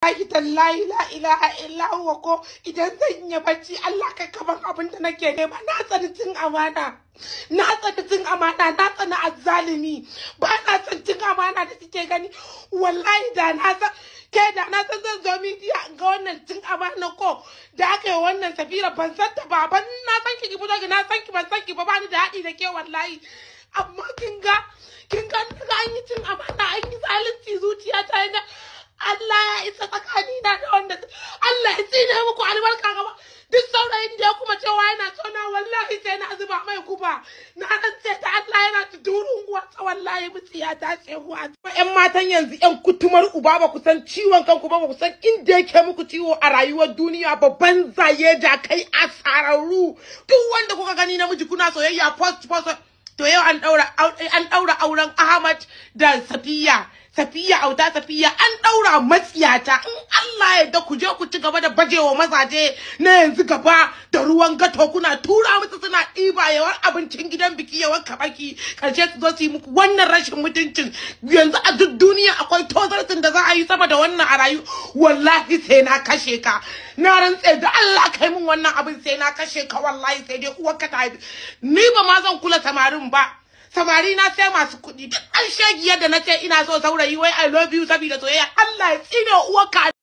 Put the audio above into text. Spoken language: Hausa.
Wallahi tallahi la ilaha illa huwa ko idan zan yi bacci Allah kai kaman abin da nake nema na tsani cin amana na tsani cin amana na tsani azzalimi ba na san cin amana da suke gani wallahi da na san ke da na san zan zo midiya ga wannan cin amana ko da aka yi wannan safira ban san ta ba na san ki ki fito na san ki ban san ki ba ba ni da haɗi da ke wallahi amma kin ga kin ga isa tsakani na da wanda Allah ya tsine muku albarka gaba duk saurayin da ya kuma cewa yana tsona wallahi sai na zuba mai kuba na ce ta Allah yana tudurun ta wallahi mutsiya ta tsehuwa yan matan yanzu yan kutumar uba ba ku san ciwon kanku ba ba ku san inda yake muku ciwo a rayuwar duniya babban zaye da kai asararru duk wanda kuka gani namiji kuna soyayya post post to yau an daura an daura auren Ahmad da Safiya safiya auta safiya an daura matsiyata in Allah ya da ku je ku ci gaba da bajewa mazaje na yanzu gaba da ruwan gato kuna tura musu suna diba yawan abincin gidan biki yawan kabaki karshe su zo su yi muku wannan rashin mutuncin yanzu a duk duniya akwai tozartin da za a yi sama da wannan a rayu wallahi sai na kashe ka na rantse da Allah kai min wannan abin sai na kashe ka wallahi sai dai uwarka ta ni ba ma zan kula samarin ba samari na sai masu kuɗi duk an shagiyar da na ce ina so saurayi wai I love you sabida soyayya Allah ya tsine uwarka